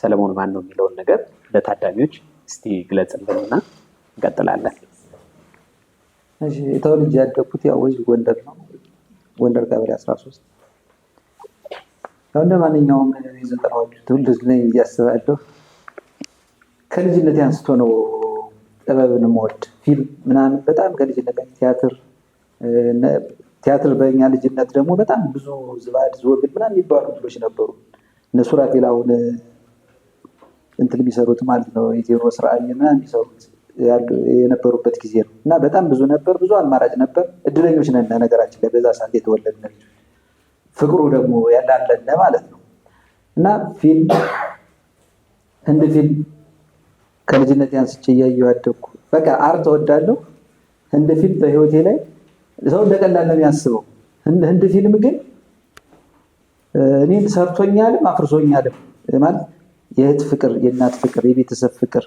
ሰለሞን ማን ነው የሚለውን ነገር ለታዳሚዎች እስቲ ግለጽልንና እንቀጥላለን። ተወልጄ ያደግኩት ያው ወይ ጎንደር ነው። ጎንደር ቀበሌ አስራ ሶስት እንደ ማንኛውም የዘጠናዎቹ ትውልድ ነኝ እያስባለሁ። ከልጅነት አንስቶ ነው ጥበብን የምወድ ፊልም ምናምን በጣም ከልጅነት ቲያትር ቲያትር በኛ ልጅነት ደግሞ በጣም ብዙ ዝባድ ዝወግድ ምናምን የሚባሉ ድሎች ነበሩ እነ ሱራፌል አሁን እንትን የሚሰሩት ማለት ነው የቴዎድሮስ ራዕይ እና የሚሰሩት የነበሩበት ጊዜ ነው እና በጣም ብዙ ነበር፣ ብዙ አማራጭ ነበር። እድለኞች ነን ነገራችን ላይ በዛ ሰዓት የተወለድን ልጆች ፍቅሩ ደግሞ ያላለነ ማለት ነው እና ፊልም ህንድ ፊልም ከልጅነት አንስቼ እያየሁ ያደግኩ በቃ አርት እወዳለሁ። ህንድ ፊልም በህይወቴ ላይ ሰው እንደቀላል ነው የሚያስበው። ህንድ ፊልም ግን እኔን ሰርቶኛልም አፍርሶኛልም ማለት የእህት ፍቅር፣ የእናት ፍቅር፣ የቤተሰብ ፍቅር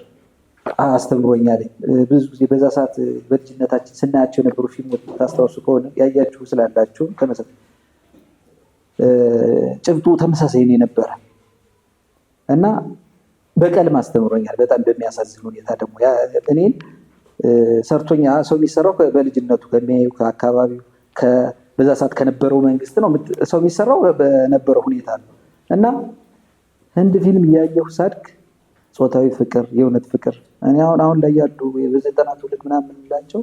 አስተምሮኛል። ብዙ ጊዜ በዛ ሰዓት በልጅነታችን ስናያቸው የነበሩ ፊልሞች ታስታውሱ ከሆነ ያያችሁ ስላላችሁ ተመሳሳይ ጭብጡ ተመሳሳይ ነው የነበረ እና በቀልም አስተምሮኛል። በጣም በሚያሳዝን ሁኔታ ደግሞ እኔን ሰርቶኛ ሰው የሚሰራው በልጅነቱ ከሚያዩ ከአካባቢው በዛ ሰዓት ከነበረው መንግስት ነው ሰው የሚሰራው በነበረው ሁኔታ ነው እና ህንድ ፊልም እያየሁ ሳድግ ጾታዊ ፍቅር፣ የእውነት ፍቅር እኔ አሁን አሁን ላይ ያሉ በዘጠና ትውልድ ምናምን የምንላቸው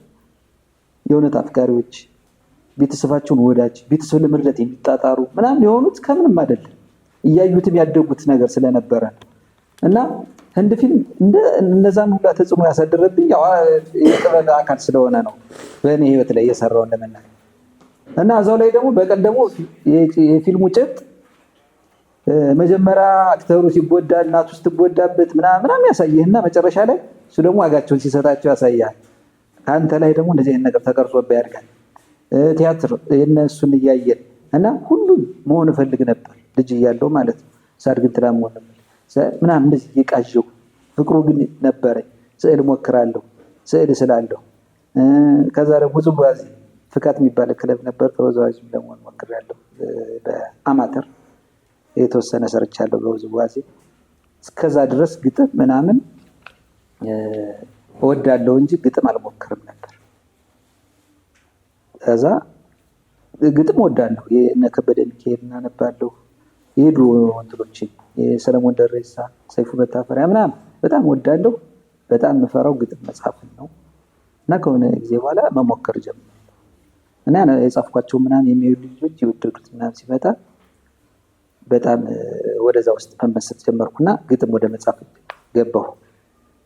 የእውነት አፍቃሪዎች ቤተሰባቸውን ወዳጅ ቤተሰብ ለመርዳት የሚጣጣሩ ምናምን የሆኑት ከምንም አይደለም እያዩትም ያደጉት ነገር ስለነበረ እና ህንድ ፊልም እነዛን ሁላ ተጽዕኖ ያሳደረብኝ የጥበብ አካል ስለሆነ ነው በእኔ ህይወት ላይ እየሰራው እንደምናል እና እዛው ላይ ደግሞ በቀን ደግሞ የፊልሙ ጭጥ መጀመሪያ አክተሩ ሲጎዳ እናቱ ስትጎዳበት ምናምን ያሳይህና መጨረሻ ላይ እሱ ደግሞ ዋጋቸውን ሲሰጣቸው ያሳያል። ከአንተ ላይ ደግሞ እንደዚህ አይነት ነገር ተቀርጾብህ ያድጋል። ቲያትር የእነሱን እያየን እና ሁሉም መሆን እፈልግ ነበር ልጅ እያለው ማለት ነው። ሳድግን ትላ መሆን ምናምን እንደዚህ ፍቅሩ ግን ነበረኝ። ስዕል ሞክራለሁ፣ ስዕል ስላለሁ ከዛ ደግሞ ውዝዋዜ ፍካት የሚባል ክለብ ነበር። ተወዛዋዥ ለመሆን ሞክሬያለሁ በአማተር የተወሰነ ሰርቻለሁ በውዝዋዜ። እስከዛ ድረስ ግጥም ምናምን እወዳለሁ እንጂ ግጥም አልሞክርም ነበር። ከዛ ግጥም እወዳለሁ የእነ ከበደ ሚካኤል እናነባለሁ። የድሮ እንትኖችን የሰለሞን ደሬሳ፣ ሰይፉ መታፈሪያ ምናምን በጣም ወዳለሁ በጣም የምፈራው ግጥም መጽሐፍን ነው እና ከሆነ ጊዜ በኋላ መሞከር ጀምር እና የጻፍኳቸው ምናምን የሚሄዱ ልጆች የወደዱት ምናምን ሲመጣ በጣም ወደዛ ውስጥ መመሰጥ ጀመርኩና ግጥም ወደ መጻፍ ገባሁ።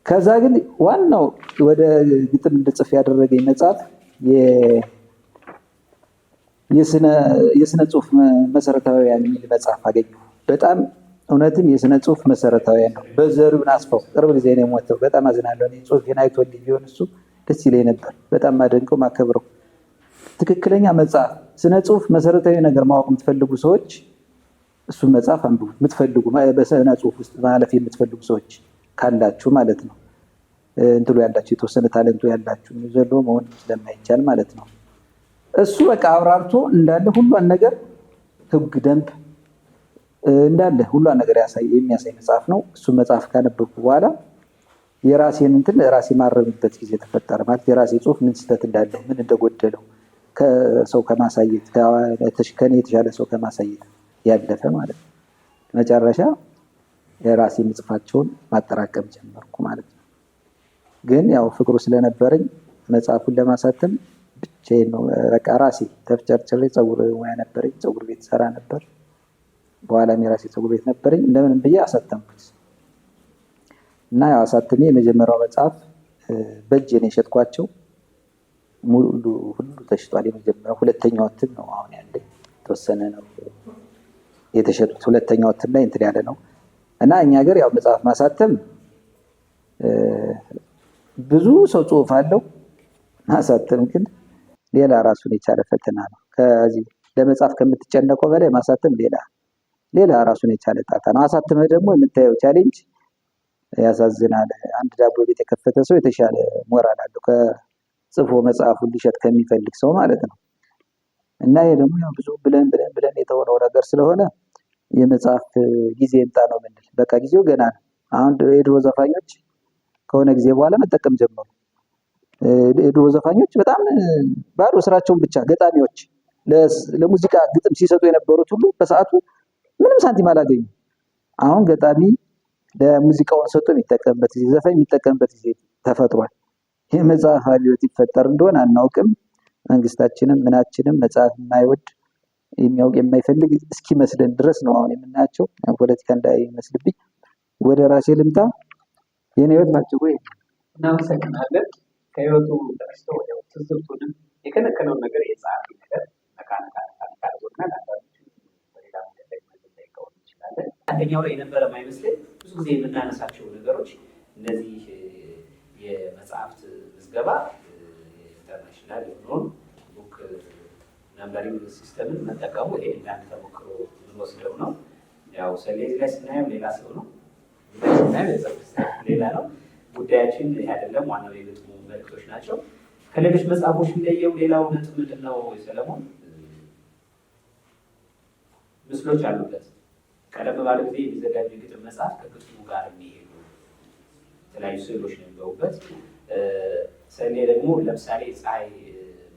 ከዛ ግን ዋናው ወደ ግጥም እንድጽፍ ያደረገኝ መጽሐፍ የስነ ጽሁፍ መሰረታዊያን የሚል መጽሐፍ አገኘሁ። በጣም እውነትም የስነ ጽሁፍ መሰረታዊያን ነው። በዘሪሁን አስፋው ቅርብ ጊዜ ነው የሞተው። በጣም አዝናለሁ። ጽሁፌን አይቶ ቢሆን እሱ ደስ ይለኝ ነበር። በጣም ማደንቀው ማከብረው ትክክለኛ መጽሐፍ። ስነ ጽሁፍ መሰረታዊ ነገር ማወቅ የምትፈልጉ ሰዎች እሱን መጽሐፍ አንብቡ የምትፈልጉ በስነ ጽሁፍ ውስጥ ማለፍ የምትፈልጉ ሰዎች ካላችሁ ማለት ነው። እንትሉ ያላችሁ የተወሰነ ታለንቶ ያላችሁ ዘሎ መሆን ስለማይቻል ማለት ነው። እሱ በቃ አብራርቶ እንዳለ ሁሏን ነገር ህግ፣ ደንብ እንዳለ ሁሏን ነገር የሚያሳይ መጽሐፍ ነው። እሱ መጽሐፍ ካነበብኩ በኋላ የራሴን እንትን ራሴ ማረምበት ጊዜ ተፈጠረ። ማለት የራሴ ጽሁፍ ምን ስህተት እንዳለው ምን እንደጎደለው ከሰው ከማሳየት ከኔ የተሻለ ሰው ከማሳየት ያለፈ ማለት ነው። መጨረሻ የራሴ የምጽፋቸውን ማጠራቀም ጀመርኩ ማለት ነው። ግን ያው ፍቅሩ ስለነበረኝ መጽሐፉን ለማሳተም ብቻዬን ነው። በቃ ራሴ ተፍጨርጭሬ ፀጉር ሙያ ነበረኝ፣ ፀጉር ቤት ሰራ ነበር። በኋላም የራሴ ፀጉር ቤት ነበረኝ። እንደምንም ብዬ አሳተምኩት እና ያው አሳትሜ የመጀመሪያው መጽሐፍ በእጅ ነው የሸጥኳቸው። ሙሉ ሁሉ ተሽጧል። የመጀመሪያው ሁለተኛው እትም ነው አሁን ያለኝ የተወሰነ ነው የተሸጡት። ሁለተኛው እትም ላይ እንትን ያለ ነው እና እኛ ሀገር ያው መጽሐፍ ማሳተም ብዙ ሰው ጽሁፍ አለው። ማሳተም ግን ሌላ ራሱን የቻለ ፈተና ነው። ከዚህ ለመጽሐፍ ከምትጨነቀው በላይ ማሳተም ሌላ ሌላ ራሱን የቻለ ጣጣ ነው። አሳተመ ደግሞ የምታየው ቻሌንጅ ያሳዝናል። አንድ ዳቦ ቤት የከፈተ ሰው የተሻለ ሞራል አለው ከጽፎ መጽሐፉን ሊሸጥ ከሚፈልግ ሰው ማለት ነው። እና ይህ ደግሞ ብዙ ብለን ብለን ብለን የተሆነው ነገር ስለሆነ የመጽሐፍ ጊዜ ይምጣ ነው የምንል። በቃ ጊዜው ገና ነው። አሁን የድሮ ዘፋኞች ከሆነ ጊዜ በኋላ መጠቀም ጀመሩ። የድሮ ዘፋኞች በጣም ባዶ ስራቸውን ብቻ ገጣሚዎች ለሙዚቃ ግጥም ሲሰጡ የነበሩት ሁሉ በሰዓቱ ምንም ሳንቲም አላገኙ። አሁን ገጣሚ ለሙዚቃውን ሰጥቶ የሚጠቀምበት ጊዜ፣ ዘፋኝ የሚጠቀምበት ጊዜ ተፈጥሯል። ይህ መጽሐፍ አብዮት ይፈጠር እንደሆነ አናውቅም። መንግስታችንም ምናችንም መጽሐፍ የማይወድ የሚያውቅ የማይፈልግ እስኪመስለን ድረስ ነው አሁን የምናያቸው። ፖለቲካ እንዳይመስልብኝ ወደ ራሴ ልምጣ። የኔ ህይወት ናቸው ወይ እናመሰግናለን። ከህይወቱ ተነስቶ ወደ ትዝብቱንም የከለከለውን ነገር የጸሐፊ ነገር አንደኛው ላይ የነበረ ማይመስለኝ ብዙ ጊዜ የምናነሳቸው ነገሮች እነዚህ የመጽሐፍት ምዝገባ ኢንተርናሽናል የሆነውን ነምበሪንግ ሲስተምን መጠቀሙ ይሄ እንዳንድ ተሞክሮ የምንወስደው ነው። ያው ሰሌዝ ላይ ስናየም ሌላ ሰው ነው፣ ስናየም ቤተክርስቲያን ሌላ ነው። ጉዳያችን ይህ አይደለም። ዋናው የግጥሙ መልክቶች ናቸው። ከሌሎች መጽሐፎች የሚለየው ሌላው ነጥብ ምንድን ነው? ሰለሞን ምስሎች አሉበት። ቀደም ባለ ጊዜ የሚዘጋጅ ግጥም መጽሐፍ ከግጥሙ ጋር የሚሄዱ የተለያዩ ስዕሎች ነው የሚገቡበት። ሰሌ ደግሞ ለምሳሌ ፀሐይ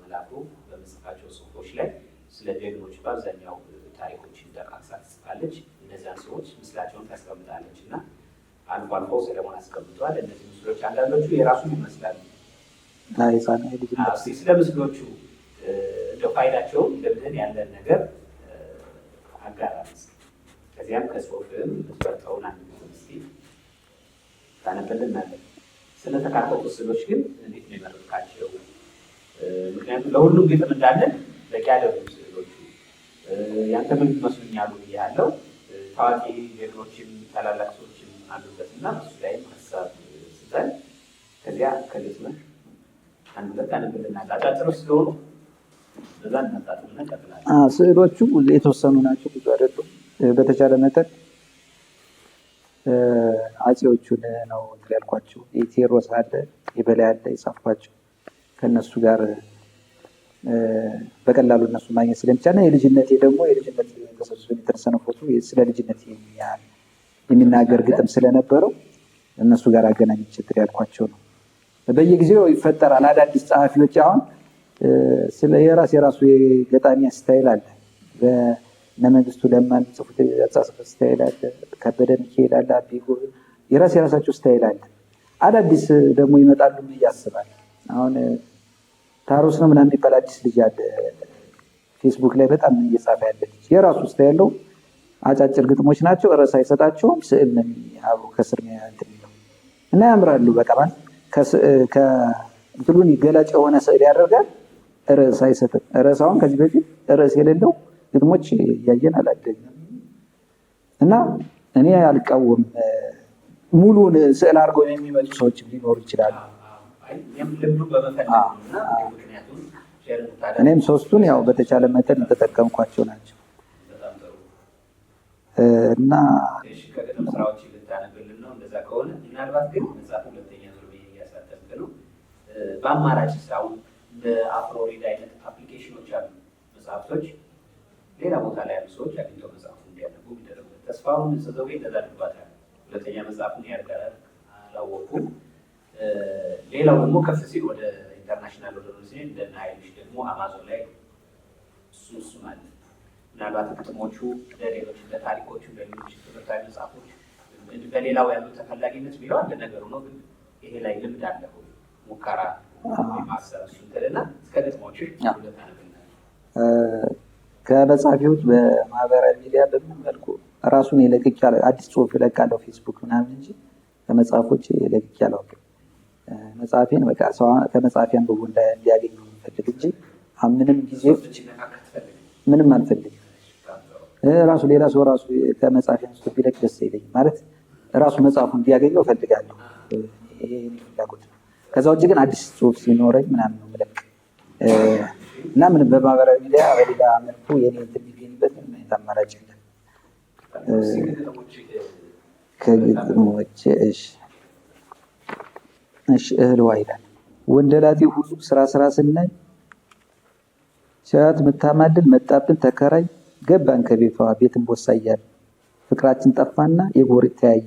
መላኩ በምንጽፋቸው ጽሁፎች ላይ ስለ ጀግኖች በአብዛኛው ታሪኮችን ጠቃቅሳ ትጽፋለች። እነዚያን ሰዎች ምስላቸውን ታስቀምጣለች እና አልፎ አልፎ ሰለሞን አስቀምጠዋል። እነዚህ ምስሎች አንዳንዶቹ የራሱን ይመስላሉ። ስለ ምስሎቹ እንደ ፋይዳቸውን ለብድን ያለን ነገር አጋራ ከዚያም ከጽሁፍም ምትበርጠውን አንድ ስ ታነበልናለን። ስለተካተቱ ስሎች ግን እንዴት ነው የመረጥካቸው? ምክንያቱም ለሁሉም ግጥም እንዳለ በቂ ያደሩ ስዕሎቹ ያንተ ምን ይመስሉኛሉ ያለው ታዋቂ ሌሎችም ታላላቅ ሰዎችም አሉበት እና እሱ ላይ ሀሳብ ስጠን። ከዚያ ከግጥምህ አንድ ሁለት አንብልናል። አጫጭሮች ስለሆኑ በዛ እናጣጥምና ቀጥላለን። ስዕሎቹ የተወሰኑ ናቸው፣ ብዙ አይደሉም። በተቻለ መጠን አፄዎቹን ነው ያልኳቸው። የቴዎድሮስ አለ የበላይ አለ የጻፍኳቸው ከእነሱ ጋር በቀላሉ እነሱ ማግኘት ስለሚቻል እና የልጅነቴ ደግሞ የልጅነት ከሰብስበን የተነሳነው ፎቶ ስለ ልጅነት የሚናገር ግጥም ስለነበረው እነሱ ጋር አገናኝ ችግር ያልኳቸው ነው። በየጊዜው ይፈጠራል አዳዲስ ጸሐፊዎች። አሁን ስለ የራስ የራሱ የገጣሚያ ስታይል አለ። በነመንግስቱ ለማን የሚጽፉት አጻጽፍ ስታይል አለ። ከበደ ሚካኤል አለ። አቤ የራስ የራሳቸው ስታይል አለ። አዳዲስ ደግሞ ይመጣሉ እያስባል አሁን ታሮስ ነው ምናምን የሚባል አዲስ ልጅ አለ ፌስቡክ ላይ በጣም እየጻፈ ያለ ልጅ የራሱ ውስጥ ያለው አጫጭር ግጥሞች ናቸው። ርዕስ አይሰጣቸውም። ስዕል ነው አብሮ ከስር እንትን የሚለው እና ያምራሉ። በቃ ማለት ከእንትሉን ገላጭ የሆነ ስዕል ያደርጋል። ርዕስ አይሰጥም። ርዕስ አሁን ከዚህ በፊት ርዕስ የሌለው ግጥሞች እያየን አላደግም እና እኔ አልቃወም ሙሉን ስዕል አድርገው የሚመጡ ሰዎች ሊኖሩ ይችላሉ። እኔም ሶስቱን ያው በተቻለ መጠን የተጠቀምኳቸው ናቸው እና በአማራጭ ስራው እንደ አፍሮሪድ አይነት አፕሊኬሽኖች አሉ መጽሐፍቶች ሌላ ቦታ ላይ ያሉ ሰዎች አግኝተው መጽሐፉ እንዲያነቡ ቢደረጉ ተስፋሁን ስዘው እንደዛ ሁለተኛ መጽሐፉን ያርጋላል አላወቁም ሌላው ደግሞ ከፍ ሲል ወደ ኢንተርናሽናል ወደ ሲሄድ እንደ ሀይልሽ ደግሞ አማዞን ላይ እሱ እሱ ማለት ምናልባት ግጥሞቹ ለሌሎች ለታሪኮቹ ለሌሎች ትምህርታዊ መጽሐፎች በሌላው ያሉ ተፈላጊነት ቢለው አንድ ነገሩ ነው። ግን ይሄ ላይ ልምድ አለው ሙከራ ማሰብ ሽንትልና እስከ ግጥሞቹ ከበጻፊዎች በማህበራዊ ሚዲያ በምን መልኩ ራሱን የለቅቅ ያለ አዲስ ጽሁፍ ይለቃለው ፌስቡክ ምናምን እንጂ ከመጽሐፎች የለቅቅ ያለው መጽሐፌን በቃ ሰው ከመጽሐፌ አንብቦ እንዲያገኝ ነው የምፈልግ እንጂ ምንም ጊዜ ምንም አልፈልግም። ራሱ ሌላ ሰው ራሱ ከመጽሐፌ አንስቶ ቢለቅ ደስ ይለኝ ማለት ራሱ መጽሐፉ እንዲያገኘው እፈልጋለሁ። ይሄ ፍላጎት ነው። ከዛ ውጭ ግን አዲስ ጽሁፍ ሲኖረኝ ምናምን ነው የምለቅ እና ምንም በማህበራዊ ሚዲያ በሌላ መልኩ የኔ እንትን የሚገኝበት ምንም አማራጭ የለም። ከግጥሞች እሺ እሺ እህልዋ ይላል። ወንደላጤው ሁሉ ስራ ስራ ስናይ ሲያያት ምታማልል መጣብን ተከራይ ገባን ከቤቷ ቤትን ቦሳያል ፍቅራችን ጠፋና የጎር ተያየ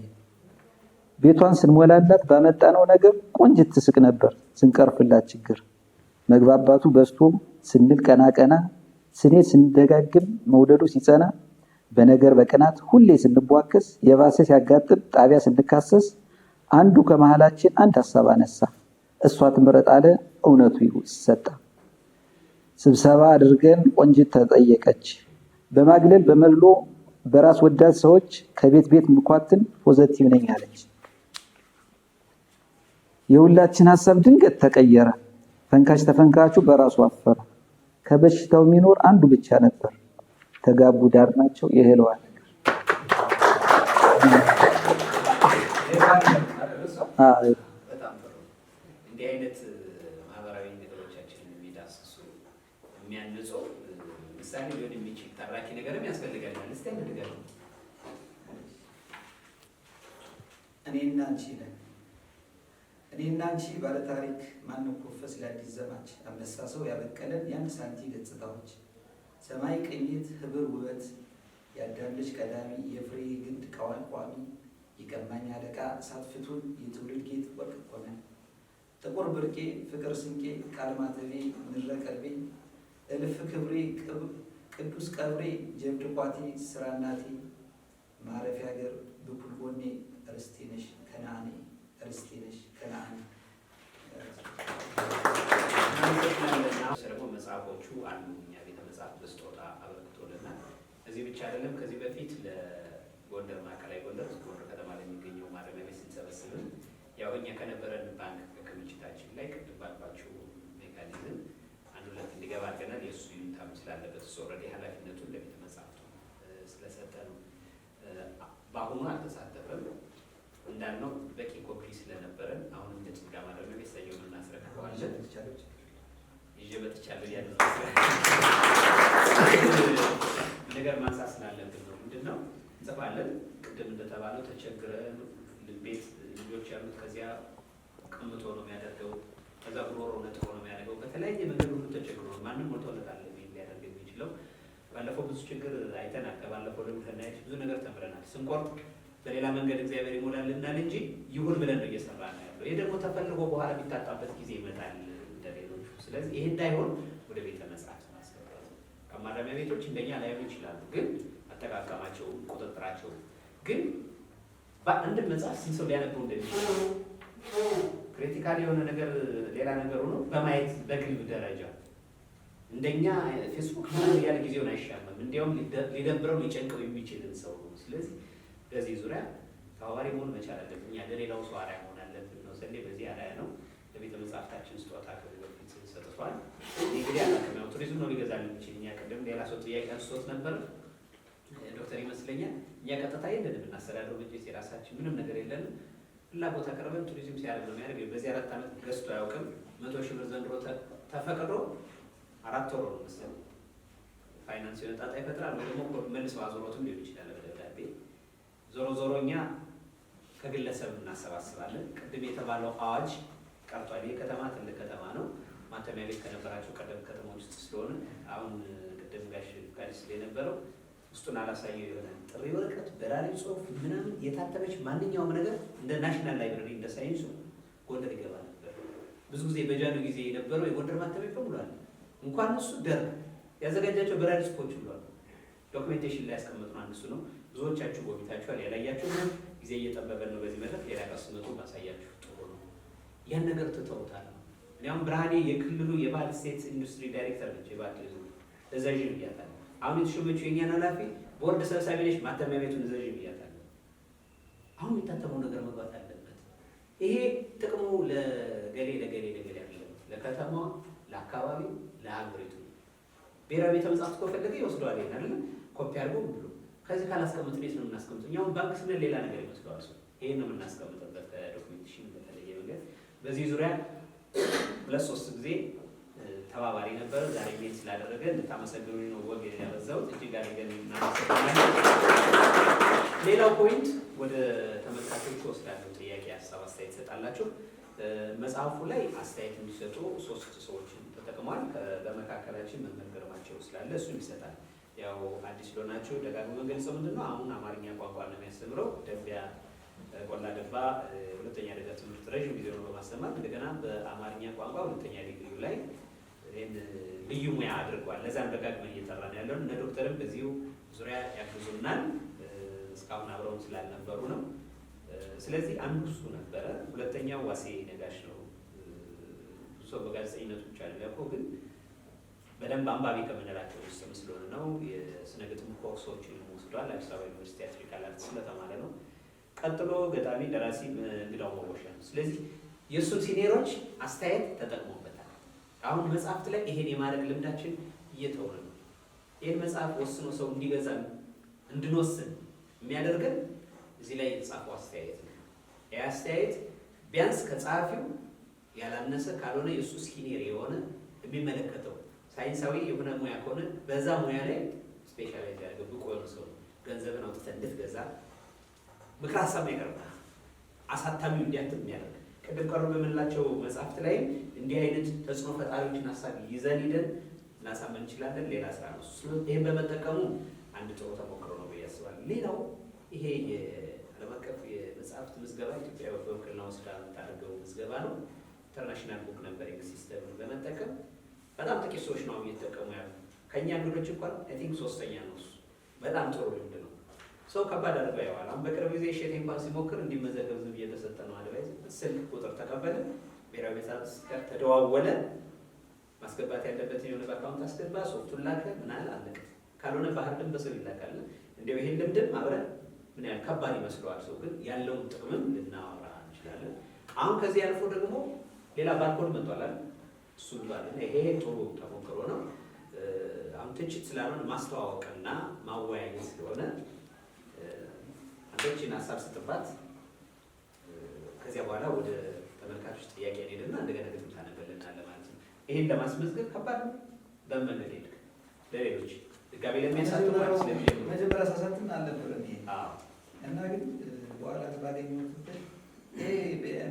ቤቷን ስንሞላላት ባመጣነው ነገር ቆንጅት ትስቅ ነበር ስንቀርፍላት ችግር መግባባቱ በስቶ ስንል ቀና ቀና ስኔ ስንደጋግም መውደዱ ሲጸና በነገር በቅናት ሁሌ ስንቧከስ የባሰ ሲያጋጥም ጣቢያ ስንካሰስ አንዱ ከመሃላችን አንድ ሀሳብ አነሳ። እሷ ትምረጥ አለ፣ እውነቱ ይሰጣ። ስብሰባ አድርገን ቆንጅት ተጠየቀች። በማግለል በመድሎ በራስ ወዳድ ሰዎች ከቤት ቤት ምኳትን ፖዘቲቭ ነኝ አለች። የሁላችን ሀሳብ ድንገት ተቀየረ። ፈንካች ተፈንካቹ በራሱ አፈረ። ከበሽታው የሚኖር አንዱ ብቻ ነበር። ተጋቡ ዳር ናቸው የህለዋ ነገር በጣም ጥሩ። እንዲህ አይነት ማህበራዊ ነገሮቻችንን የሚዳስሱ የሚያንጹ ምሳሌ ሊሆን የሚችል ተራኪ ነገርም ያስፈልጋል። እስቲ ንገር። እኔና አንቺ ነን እኔና አንቺ ባለታሪክ ማንኮፈስ ለአዲስ ዘማች አንበሳ ሰው ያበቀለን የአንድ ሳንቲ ገጽታዎች ሰማይ ቅኝት ህብር ውበት ያዳለች ቀዳሚ የፍሬ ግንድ ቀዋል ቋሚ የቀማኝ አለቃ እሳት ፍቱን የትውልድ ጌጥ ወርቅ ቆመ ጥቁር ብርቄ ፍቅር ስንቄ ቃል ማተቤ ምድረ እልፍ ክብሬ ቅዱስ ቀብሬ ጀብድ ኳቴ ስራ እናቴ ማረፊያ ሀገር ብኩል ጎኔ እርስቴ ነሽ ከነአኔ እርስቴ ነሽ ከነአኔ። ደግሞ መጽሐፎቹ አሉ እኛ ቤተ መጽሐፍ በስጦታ አበርክቶልናል። እዚህ ብቻ አይደለም። ከዚህ በፊት ለጎንደር ማዕከላዊ ጎንደር ያው እኛ ከነበረን ባንክ ክምችታችን ላይ ቅድም ባልኳችሁ ሜካኒዝም አንድ ሁለት እንዲገባ አድርገናል። የእሱ ይሉንታም ስላለበት እሱ ኦልሬዲ ኃላፊነቱን ለቤተ መጻሕፍቱ ስለሰጠ ነው። በአሁኑ አልተሳተፈም እንዳልነው በቂ ኮፒ ስለነበረን አሁን እንደ ጭንጋ ማድረግ ቤት ሰየው እናስረክበዋለን። ይዤ መጥቻለሁ ያለ ነገር ማንሳት ስላለብን ነው። ምንድን ነው እንጽፋለን። ቅድም እንደተባለው ተቸግረን ቤት ልጆች ያሉት ከዚያ ቅምቶ ነው የሚያደርገው። ከዛ ጉሮሮ ነጥቆ ነው የሚያደርገው። በተለያየ መንገድ ሁሉ ተቸግሮ ነው። ማንም ወጥቶለት አለ ሊያደርግ የሚችለው። ባለፈው ብዙ ችግር አይተናል። ከባለፈው ደግሞ ከናየች ብዙ ነገር ተምረናል። ስንቆር በሌላ መንገድ እግዚአብሔር ይሞላልናል እንጂ ይሁን ብለን ነው እየሰራ ነው ያለው። ይህ ደግሞ ተፈልጎ በኋላ የሚታጣበት ጊዜ ይመጣል እንደሌሎቹ። ስለዚህ ይህ እንዳይሆን ወደ ቤተ መጽሐፍት ማስገባት ከማረሚያ ቤቶች እንደኛ ላይሆን ይችላሉ፣ ግን አጠቃቀማቸው ቁጥጥራቸው ግን በአንድ መጽሐፍ ስንት ሰው ሊያነበው እንደሚችል ክሪቲካል የሆነ ነገር ሌላ ነገር ሆኖ በማየት በግልብ ደረጃ እንደኛ ፌስቡክ ያለ ጊዜውን አይሻምም። እንዲያውም ሊደብረው ሊጨንቀው የሚችልን ሰው ነው። ስለዚህ በዚህ ዙሪያ ተዋዋሪ መሆን መቻል አለብን። እኛ ለሌላው ሰው አርአያ መሆን አለብን ነው ሰሌ በዚህ አርአያ ነው ለቤተ መጽሐፍታችን ስጦታ ከዚህ ሰጥቷል። እንግዲህ አላክም ቱሪዝም ነው ሊገዛ የሚችል እኛ ቅድም ሌላ ሰው ጥያቄ አንስቶት ነበር ዶክተር ይመስለኛል እኛ ቀጥታ ይንን የምናስተዳድረው በጀት የራሳችን ምንም ነገር የለንም። ፍላጎት አቅርበን ቱሪዝም ሲያደርግ ነው የሚያደርግ። በዚህ አራት ዓመት ገዝቶ አያውቅም። መቶ ሺህ ብር ዘንድሮ ተፈቅዶ አራት ወር ነው መሰለኝ ፋይናንስ የሆነ ጣጣ ይፈጥራል። ወይ ደግሞ መልሰው አዞሮትም ሊሆን ይችላል በደብዳቤ ዞሮ ዞሮ እኛ ከግለሰብ እናሰባስባለን። ቅድም የተባለው አዋጅ ቀርቷል። ይህ ከተማ ትልቅ ከተማ ነው። ማተሚያ ቤት ከነበራቸው ቀደም ከተሞች ውስጥ ስለሆነ አሁን ቅድም ጋሽ ጋሽ ስለነበረው ውስጡን አላሳየው ይሆናል። ጥሪ ወረቀት፣ በራሪ ጽሁፍ ምናምን የታተመች ማንኛውም ነገር እንደ ናሽናል ላይብረሪ እንደ ሳይንሱ ጎንደር ይገባ ነበር። ብዙ ጊዜ በጃኑ ጊዜ የነበረው የጎንደር ማተሚያ በሙሏል። እንኳን እሱ ደር ያዘጋጃቸው በራሪ ጽሁፎች ብሏል። ዶክመንቴሽን ላይ ያስቀመጥነው ነው። አንድ ነው። ብዙዎቻችሁ ጎብኝታችኋል። ያላያችሁ ነው። ጊዜ እየጠበበን ነው። በዚህ መድረክ ሌላ ጥሩ ነው። ያን ነገር ትተውታል። ብርሃኔ የክልሉ ኢንዱስትሪ ዳይሬክተር ነች። አሁን የተሾመችው የኛን ኃላፊ ቦርድ ሰብሳቢ ነች፣ ማተሚያ ቤቱን ብያታለሁ። አሁን የታተመው ነገር መግባት አለበት። ይሄ ጥቅሙ ለገሌ ለገሌ ለገሌ አለ፣ ለከተማ ለአካባቢው፣ ለሀገሪቱ ብሔራዊ ቤተ መጽሐፍት ከፈለገ ይወስደዋል። ይሄን አይደለ ኮፒ አድርጎ ብሎ ከዚህ ካላስቀምጥ ቤት ነው የምናስቀምጥ። እኛውን ባንክ ስንል ሌላ ነገር ይመስለዋል ሰው። ይሄን ነው የምናስቀምጥበት ዶክመንቴሽን በተለየ መንገድ። በዚህ ዙሪያ ሁለት ሶስት ጊዜ ተባባሪ ነበር። ዛሬ ቤት ስላደረገ እንድታመሰግኑ ነው ወግ ያበዛሁት። እጅግ አድርገን እናመሰግናለን። ሌላው ፖይንት ወደ ተመልካቾቹ ወስዳለሁ። ጥያቄ፣ ሀሳብ፣ አስተያየት ትሰጣላችሁ። መጽሐፉ ላይ አስተያየት እንዲሰጡ ሶስት ሰዎችን ተጠቅሟል። በመካከላችን መምህር ግርማቸው ስላለ እሱም ይሰጣል። ያው አዲስ ሎናቸው ደጋግሞ ገልጸው ምንድን ነው አሁን አማርኛ ቋንቋ ነው የሚያስተምረው ደንቢያ ቆላ ደባ ሁለተኛ ደረጃ ትምህርት ረዥም ጊዜ ነው በማስተማር እንደገና በአማርኛ ቋንቋ ሁለተኛ ዲግሪው ላይ ልዩ ሙያ አድርጓል። ለዛም ደጋግመን እየጠራ ነው ያለውን እነ ዶክተርም በዚሁ ዙሪያ ያግዙናል። እስካሁን አብረውን ስላልነበሩ ነው። ስለዚህ አንዱ እሱ ነበረ። ሁለተኛው ዋሴ ነጋሽ ነው። እሱ በጋዜጠኝነቱ ብቻ ነው ግን በደንብ አንባቢ ከምንላቸው ውስጥም ስለሆነ ነው። የስነ ግጥም ኮርሶችን ወስዷል። አዲስ አበባ ዩኒቨርሲቲ አፍሪካን አርትስ ስለተማረ ነው። ቀጥሎ ገጣሚ፣ ደራሲ እንግዳው መቦሻ ነው። ስለዚህ የእሱን ሲኒሮች አስተያየት ተጠቅሞ አሁን መጽሐፍት ላይ ይሄን የማድረግ ልምዳችን እየተወነ ነው። ይህን መጽሐፍ ወስኖ ሰው እንዲገዛ እንድንወስን የሚያደርገን እዚህ ላይ የተጻፈው አስተያየት ነው። ይህ አስተያየት ቢያንስ ከጸሐፊው ያላነሰ ካልሆነ የእሱ ስኪኔር የሆነ የሚመለከተው ሳይንሳዊ የሆነ ሙያ ከሆነ በዛ ሙያ ላይ ስፔሻላይዝ ያደረገ ብቁ የሆነ ሰው ገንዘብን አውጥተህ እንድትገዛ ምክር ሀሳብ ያቀርባል። አሳታሚው እንዲያትም የሚያደርግ ቅድም ቀርቦ በምንላቸው መጽሐፍት ላይ እንዲህ አይነት ተጽዕኖ ፈጣሪዎችን ሀሳብ ይዘን ሂደን እናሳመን እንችላለን። ሌላ ስራ ነው። ይህን በመጠቀሙ አንድ ጥሩ ተሞክሮ ነው ብዬ አስባለሁ። ሌላው ይሄ የዓለም አቀፍ የመጽሐፍት ምዝገባ ኢትዮጵያ በውክልና ወስዳ የምታደርገው ምዝገባ ነው። ኢንተርናሽናል ቡክ ነምበሪንግ ሲስተምን በመጠቀም በጣም ጥቂት ሰዎች ነው እየተጠቀሙ ያሉ። ከእኛ እንግዶች እንኳን አይ ቲንክ ሶስተኛ ነው። እሱ በጣም ጥሩ ልምድ ነው። ሰው ከባድ አድርጎ ያዋል። አሁን በቅርብ ጊዜ እሸቴ እንኳን ሲሞክር እንዲመዘገብ ዝም እየተሰጠ ነው። አድቫይዝ ስልክ ቁጥር ተቀበለ፣ ብሔራዊ ቤሳስ ጋር ተደዋወለ፣ ማስገባት ያለበት የሆነ በአካውንት አስገባ፣ ሶፍቱን ላከ፣ ምናል አለቀ። ካልሆነ ባህር ድም በሰው ይላካል። እንዲያው ይህን ልምድም አብረን ምን ያህል ከባድ ይመስለዋል ሰው ግን ያለውን ጥቅምም ልናወራ እንችላለን። አሁን ከዚህ ያልፎ ደግሞ ሌላ ባርኮድ መጥቷል። እሱ ባል ይሄ ጥሩ ተሞክሮ ነው። አሁን ትችት ስላልሆን ማስተዋወቅና ማወያየት ስለሆነ ችን ሀሳብ ስጥባት ከዚያ በኋላ ወደ ተመልካቾች ጥያቄ ሄድና እንደገና ግጥም ታነበልናለ ማለት ነው። ይህን ለማስመዝገብ ከባድ ነው። በመነት ሄድ ለሌሎች ድጋሜ ለሚያሳትም መጀመሪያ ሳሳትም አልነበረ እና ግን በኋላ ባገኘው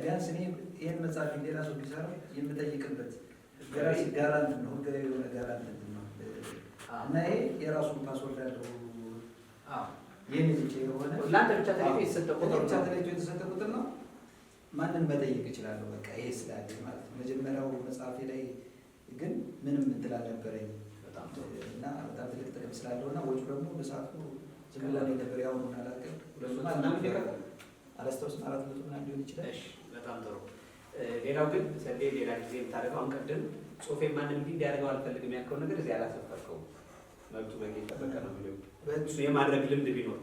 ቢያንስ እኔ ይህን መጽሐፍ እንደ ራሱ ቢሰራ የምጠይቅበት ገራሲ ጋራ ነው ገ የሆነ ጋራ ነው እና ይሄ የራሱን ፓስወርድ ያለው ይህን ብቻ የሆነ ለአንተ ብቻ ተለይቶ የተሰጠ ቁጥር ብቻ ተለይቶ የተሰጠ ቁጥር ነው። ማንን መጠየቅ እችላለሁ። በቃ ይሄ ስላለ ማለት ነው። መጀመሪያው መጽሐፌ ላይ ግን ምንም እንትን አልነበረኝ እና በጣም ትልቅ ጥቅም ስላለውና ወጪ ደግሞ በሰዓቱ ዝም ብላ ነው ያው ምን አላስታውስም አራት መቶ ምናምን ሊሆን ይችላል። በጣም ጥሩ። ሌላው ግን ሰሌ ሌላ ጊዜ የምታደርገው አንቀድም ጽሁፌ ማንም እንዲህ እንዲያደርገው አልፈልግም ያልከው ነገር እዚህ አላሰፈርከውም። መብቱ በቂ ጠበቀ ነው የሚለው በእሱ የማድረግ ልምድ ቢኖር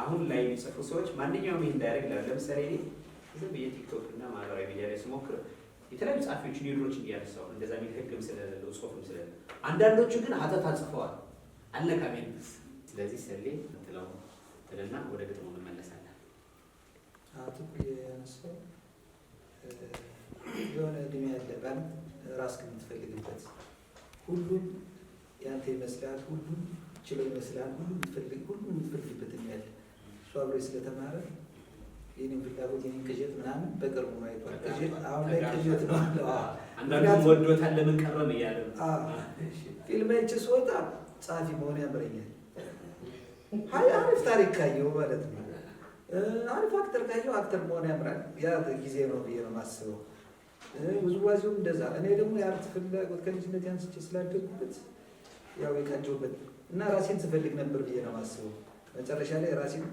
አሁን ላይ የሚጽፉ ሰዎች ማንኛውም ይህ እንዳያደርግ ላል ለምሳሌ እኔ ዝም ብዬ ቲክቶክ እና ማህበራዊ ሚዲያ ላይ ስሞክር የተለያዩ ጸሐፊዎች ኒሮች እያነሳሁ እንደዛ የሚል ህግም ስለሌለው ጽሁፍም ስለሌለ አንዳንዶቹ ግን ሀተታ ጽፈዋል አለቃሚ ስለዚህ ሰሌ ምትለው ትልና ወደ ግጥሙ እንመለሳለን። አትኩ ያነሳው የሆነ እድሜ ያለ ባል ራስክ የምትፈልግበት ሁሉም ያንተ ይመስላል ሁሉ ችሎ ይመስላል ሁሉ የምትፈልግ ሁሉ የምትፈልግበት ያለ እሱ አብሮ ስለተማረ የኔን ፍላጎት የኔን ቅዠት ምናምን በቅርቡ አይቷል። ቅዠት አሁን ላይ ቅዠት ነው አለው። አንዳንዱ ወዶታል ለምን ቀረም እያለ ፊልም አይቼ ስወጣ ጸሐፊ መሆን ያምረኛል። ሀይ አሪፍ ታሪክ ካየው ማለት ነው። አሪፍ አክተር ካየው አክተር መሆን ያምራል። ያ ጊዜ ነው ብዬ ነው ማስበው። ውዝዋዜውም እንደዛ። እኔ ደግሞ የአርት ፍላጎት ከልጅነት ያንስቼ ስላደጉበት ያው የቀጀውበት እና ራሴን ስፈልግ ነበር ብዬ ነው የማስበው። መጨረሻ ላይ ራሴን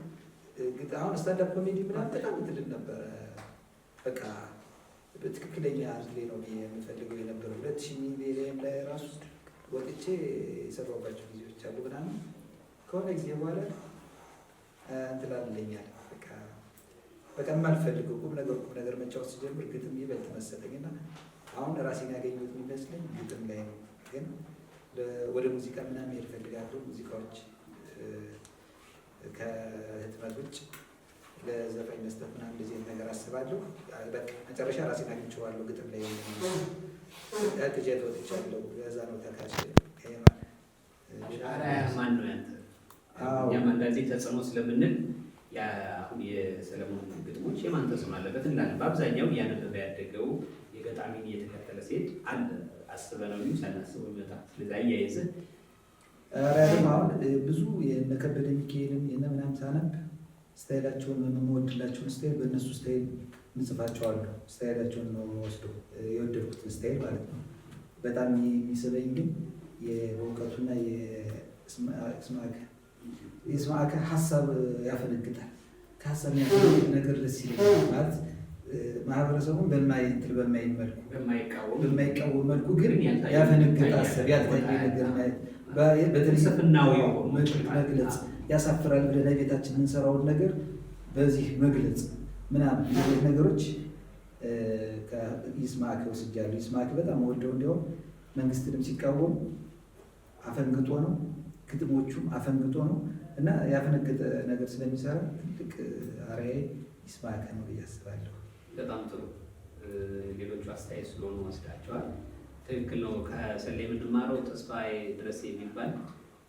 ግን አሁን ስታንዳፕ ኮሜዲ ምናምን በጣም ትልል ነበረ። በቃ በትክክለኛ አርት ላይ ነው ብዬ የምፈልገው የነበረ ሁለት ሺ ሚሊየን ላይ ራሱ ወጥቼ የሰራሁባቸው ጊዜዎች አሉ ምናምን ከሆነ ጊዜ በኋላ እንትላልለኛል በቃ በቃ የማልፈልገው ቁም ነገር ቁም ነገር መጫወት ሲጀምር ግጥም ይበልጥ መሰጠኝና አሁን ራሴን ያገኘሁት የሚመስለኝ ግጥም ላይ ነው ግን ወደ ሙዚቃ ምናምን መሄድ እፈልጋለሁ። ሙዚቃዎች ከህትመት ውጭ ለዘፋኝ መስጠት ምናምን እንደዚህ ነገር አስባለሁ። በቃ መጨረሻ ራሴን አግኝቼዋለሁ። ግጥም ላይ ከትጀት ወጥቻለሁ። በዛ ነው ተካሽ ማን ነው ያንተ እኛም አንዳንዴ ተጽዕኖ ስለምንል አሁን የሰለሞን ግጥሞች የማን ተጽዕኖ አለበት እንዳለ በአብዛኛው እያነበበ ያደገው የገጣሚን እየተከተለ ሴት አለ አስበነውም ሳናስበው ይመጣል። ስለዚህ አያይዘህ አሁን ብዙ የነከበደ ሚካኤልን የነ ምናምን ሳነብ ስታይላቸውን የምወድላቸውን ስታይል በእነሱ ስታይል ምጽፋቸዋለሁ። ስታይላቸውን ነው የምወስደው የወደድኩትን ስታይል ማለት ነው። በጣም የሚስበኝ ግን የእውቀቱና ሀሳብ ያፈነግጣል። ከሀሳብ ነገር ደስ ይለኛል ማለት ማህበረሰቡን በማይንትል በማይመልኩ በማይቃወም መልኩ ግን ያፈነገጠ ሀሳብ ያልታየ ነገር ማየት መግለጽ ያሳፍራል ብለን ቤታችን የምንሰራውን ነገር በዚህ መግለጽ ምናምን ሌሎች ነገሮች ይስማዕክ ወስጃለሁ። ይስማክ በጣም ወደው እንዲያውም መንግስትንም ሲቃወም አፈንግጦ ነው፣ ግጥሞቹም አፈንግጦ ነው እና ያፈነገጠ ነገር ስለሚሰራ ትልቅ አርአያ ይስማዕክ ነው ብዬ አስባለሁ። በጣም ጥሩ ሌሎቹ አስተያየት ስለሆኑ ወስዳቸዋል። ትክክል ነው። ከሰሌ የምንማረው ተስፋ ድረስ የሚባል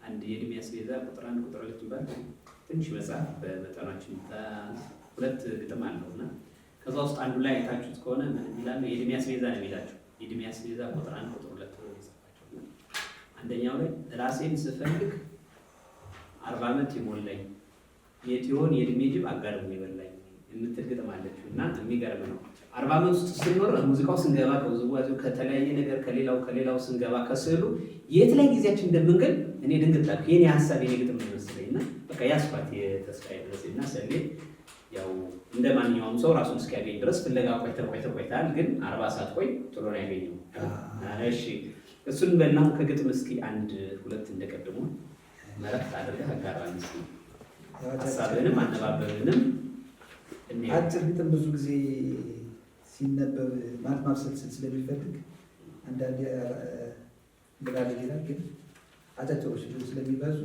አንድ የእድሜ አስቤዛ ቁጥር አንድ ቁጥር ሁለት ይባል ትንሽ መጽሐፍ በመጠናችን ሁለት ግጥም አለው እና ከዛ ውስጥ አንዱ ላይ አይታችሁት ከሆነ ምን የሚላለ የእድሜ አስቤዛ ነው የሚላቸው። የእድሜ አስቤዛ ቁጥር አንድ ቁጥር ሁለት ነው አንደኛው ላይ ራሴን ስፈልግ አርባ ዓመት ይሞላኝ የትሆን ይሆን የእድሜ ጅብ አጋድሞ የበላኝ የምትል ግጥም አለችው እና የሚገርም ነው። አርባ ዓመት ውስጥ ስንኖር ሙዚቃው ስንገባ ከውዝዋዜው ከተለያየ ነገር ከሌላው ከሌላው ስንገባ ከስዕሉ የት ላይ ጊዜያችን እንደምንገል እኔ ድንግጥ የኔ ሀሳብ የኔ ግጥም ይመስለኝ እና በቃ ያስፋት የተስፋ ድረስ እና ሰሌ ያው እንደ ማንኛውም ሰው ራሱን እስኪያገኝ ድረስ ፍለጋ ቆይተህ ቆይተህ ቆይታል። ግን አርባ ሰዓት ቆይ ቶሎ ነው ያገኘው። እሺ እሱን በላም ከግጥም እስኪ አንድ ሁለት እንደቀድሞ መረፍት አድርገህ አጋራን ሀሳብህንም አነባበብንም አጭር ግጥም ብዙ ጊዜ ሲነበብ ማለት ማብሰልሰል ስለሚፈልግ አንዳንድ እንላለ ጌታ ግን አጫጭሮች ብዙ ስለሚበዙ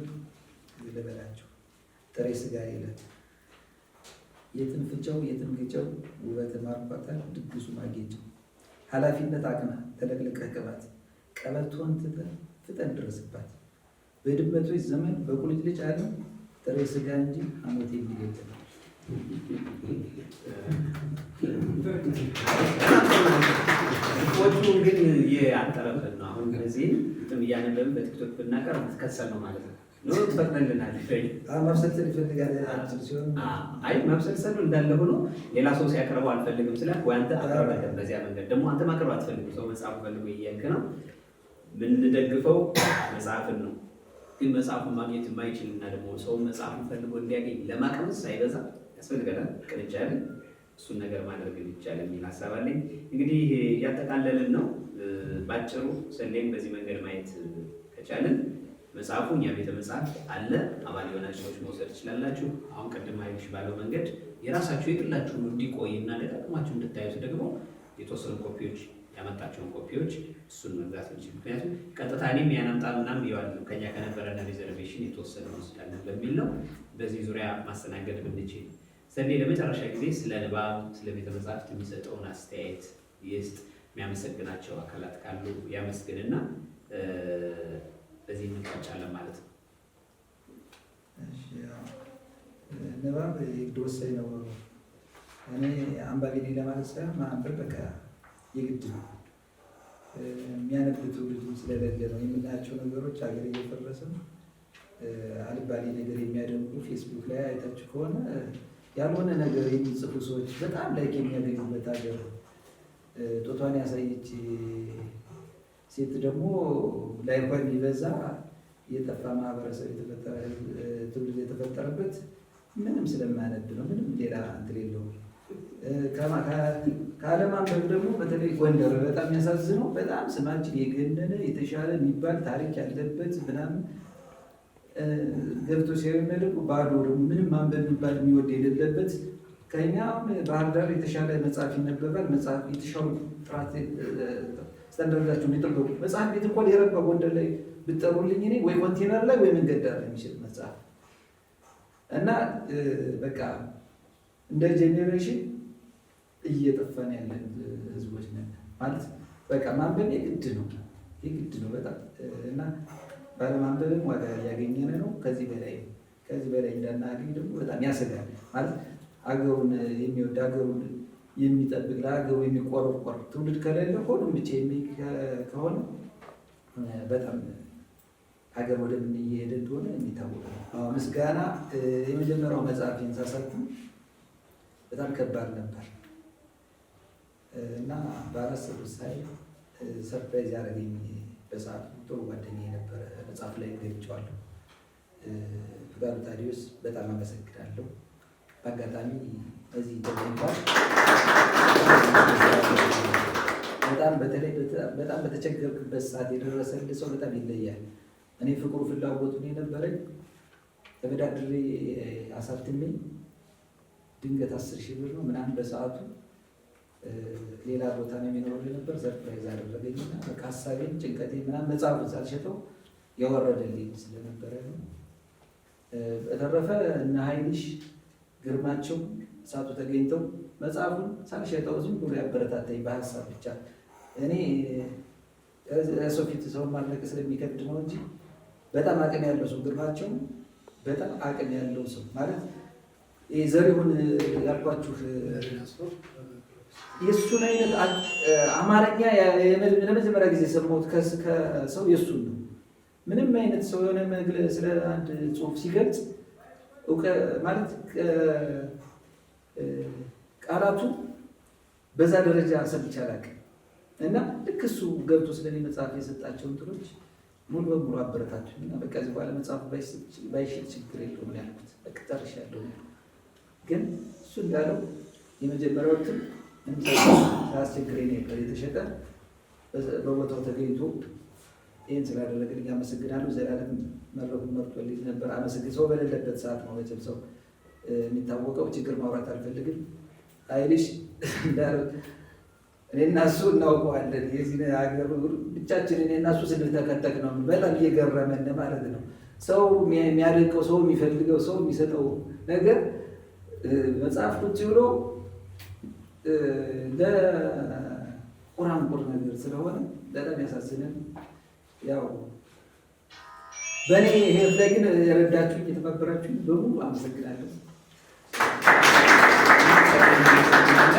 ልበላቸው ጥሬ ስጋ የለም የትም ፍጨው የትም ግጨው ውበት ማርኳታል ድግሱ ማጌጨው ኃላፊነት አቅና ተለቅልቀህ ቅባት ቀበቶን ትተህ ፍጠን ድረስባት በድመቶች ዘመን በቁልጭልጭ አለ ጥሬ ስጋ እንጂ ሐሞት የሚል የለም። ወጪውን ግን የአጠረብን ነው። አሁን እነዚህን ግጥም እያነበብን በቲክቶክ ብናቀር ትከሰል ነው ማለት ነው። አይ ማብሰልሰሉ እንዳለ ሆኖ ሌላ ሰው ሲያቀርበው አልፈልግም ስላልክ ወይ አንተ አቅርበለን። በዚያ መንገድ ደግሞ አንተ ማቅረብ አትፈልግም። ሰው መጽሐፍ ፈልጎ እያልክ ነው። የምንደግፈው መጽሐፍን ነው። ግን መጽሐፉን ማግኘት የማይችል እና ደግሞ ሰው መጽሐፉን ፈልጎ እንዲያገኝ ለማቀመስ አይበዛም ያስፈልገናል። ቅንጫን እሱን ነገር ማድረግ ይቻላል የሚል ሀሳብ አለኝ። እንግዲህ እያጠቃለልን ነው ባጭሩ። ሰሌን በዚህ መንገድ ማየት ከቻልን መጽሐፉ እኛ ቤተ መጽሐፍ አለ። አባል የሆናችሁ ሰዎች መውሰድ ትችላላችሁ። አሁን ቅድም አይልሽ ባለው መንገድ የራሳችሁ የግላችሁን እንዲቆይ እና ለጠቅማችሁ እንድታዩት ደግሞ የተወሰኑ ኮፒዎች ያመጣቸውን ኮፒዎች እሱን መግዛት እንችል። ምክንያቱም ቀጥታ እኔም ያናምጣ ምናም ይዋል ከኛ ከነበረና ሪዘርቬሽን የተወሰነ ወስዳለን በሚል ነው። በዚህ ዙሪያ ማስተናገድ ብንችል ሰኔ ለመጨረሻ ጊዜ ስለ ንባብ፣ ስለ ቤተ መጻሕፍት የሚሰጠውን አስተያየት ይስጥ። የሚያመሰግናቸው አካላት ካሉ ያመስግንና በዚህ እንቋጫለን ማለት ነው። ንባብ የግድ ወሳኝ ነው። እኔ አንባቢ ነኝ ለማለት ሳይሆን ማንበብ በቃ የግድ ነው። የሚያነብ ትውልድ ስለሌለ ነው። የምናያቸው ነገሮች ሀገር እየፈረሰ አልባሌ ነገር የሚያደንቁ ፌስቡክ ላይ አይታችሁ ከሆነ ያልሆነ ነገር የሚጽፉ ሰዎች በጣም ላይክ የሚያገኙበት ሀገር ጦቷን ያሳየች ሴት ደግሞ ላይኳ የሚበዛ የጠፋ ማህበረሰብ ትውልድ የተፈጠረበት ምንም ስለማያነብ ነው። ምንም ሌላ እንትን የለውም። ከአለማንበብ ደግሞ በተለይ ጎንደር በጣም የሚያሳዝነው በጣም ስማችን የገነነ የተሻለ የሚባል ታሪክ ያለበት ምናምን ገብቶ ሲያመለቁ ባዶ ምንም ማንበብ የሚባል የሚወድ የሌለበት ከኛ ባህር ዳር የተሻለ መጽሐፍ ይነበባል። መጽሐፍ የተሻሉ ጥራት ስታንዳርዳቸውን የጠበቁ መጽሐፍ ቤት እንኳን የረባ ጎንደር ላይ ብጠሩልኝ እኔ ወይ ኮንቴነር ላይ ወይ መንገድ ዳር የሚችል መጽሐፍ እና በቃ እንደ ጄኔሬሽን እየጠፋን ያለን ህዝቦች ማለት በቃ ማንበብ የግድ ነው የግድ ነው በጣም እና ባለማንበብም ዋጋ እያገኘን ነው። ከዚህ በላይ ከዚህ በላይ እንዳናገኝ ደግሞ በጣም ያስጋል። ማለት አገሩን የሚወድ አገሩን የሚጠብቅ ለሀገሩ የሚቆረቆር ትውልድ ከሌለ ሆኖም ብቻ ከሆነ በጣም ሀገር ወደምን እየሄደ እንደሆነ የሚታወቅ ነው። ምስጋና የመጀመሪያው መጽሐፌን ሳሳትም በጣም ከባድ ነበር እና በአራት ሰዓት ውሳኔ ሰርፕራይዝ ያደረገኝ በሰዓቱ ጥሩ ጓደኛ የነበረ መጽሐፍ ላይ ገብቼዋለሁ። ፍቃዱ ታዲዮስ በጣም አመሰግናለሁ። በአጋጣሚ እዚህ ተገኝቷል። በጣም በተለይ በጣም በተቸገርክበት ሰዓት የደረሰልህ ሰው በጣም ይለያል። እኔ ፍቅሩ ፍላጎቱን የነበረኝ ተበዳድሬ አሳትሜ ድንገት አስር ሺህ ብር ነው ምናምን በሰዓቱ ሌላ ቦታ ነው የሚኖረው ነበር። ሰርፕራይዝ አደረገኝና በቃ ሀሳቤን ጭንቀቴ ምናምን መጽሐፉን ሳልሸጠው የወረደልኝ ስለነበረ ነው። በተረፈ እነ ሀይልሽ ግርማቸው እሳቱ ተገኝተው መጽሐፉን ሳልሸጠው ዝም ብሎ ያበረታታኝ በሀሳብ ብቻ። እኔ ሰው ፊት ሰውን ማድረግ ስለሚከብድ ነው እንጂ በጣም አቅም ያለው ሰው ግርማቸው፣ በጣም አቅም ያለው ሰው ማለት ዘሪሁን ያልኳችሁ የእሱን አይነት አማርኛ ለመጀመሪያ ጊዜ ሰማሁት ከሰው የእሱን ነው። ምንም አይነት ሰው የሆነ ስለ አንድ ሲገልጽ ማለት ቃላቱ በዛ ደረጃ ሰምቼ አላውቅም። እና ልክ እሱ ገብቶ ስለኔ መጽሐፍ የሰጣቸው እንትኖች ሙሉ በሙሉ አበረታቸው እና በቃ እዚህ በኋላ ችግር የለውም ያልኩት በቅጠርሻ ያለው ግን እሱ እንዳለው ሳያስቸግረኝ ነው የተሸጠ በቦታው ተገኝቶ ይህን ስላደረግልኝ አመሰግናለሁ። ዘላለም መድረኩን መርጦልኝ ነበር። አመሰግን ሰው በሌለበት ሰዓት ነው መቼም ሰው የሚታወቀው ችግር ማውራት አልፈልግም አይልሽ እኔ እና እሱ እናውቀዋለን። የዚህ ሀገር ብቻችን እኔ እና እሱ ስንተከተክ ነው። በጣም እየገረመን ማለት ነው። ሰው የሚያደንቀው ሰው የሚፈልገው ሰው የሚሰጠው ነገር መጽሐፍ ቁጭ ብሎ ለቁራንቁር ነገር ስለሆነ በጣም ያሳዝናል። ያው በእኔ ህይወት ላይ ግን የረዳችሁ የተባበራችሁ በሙሉ አመሰግናለሁ።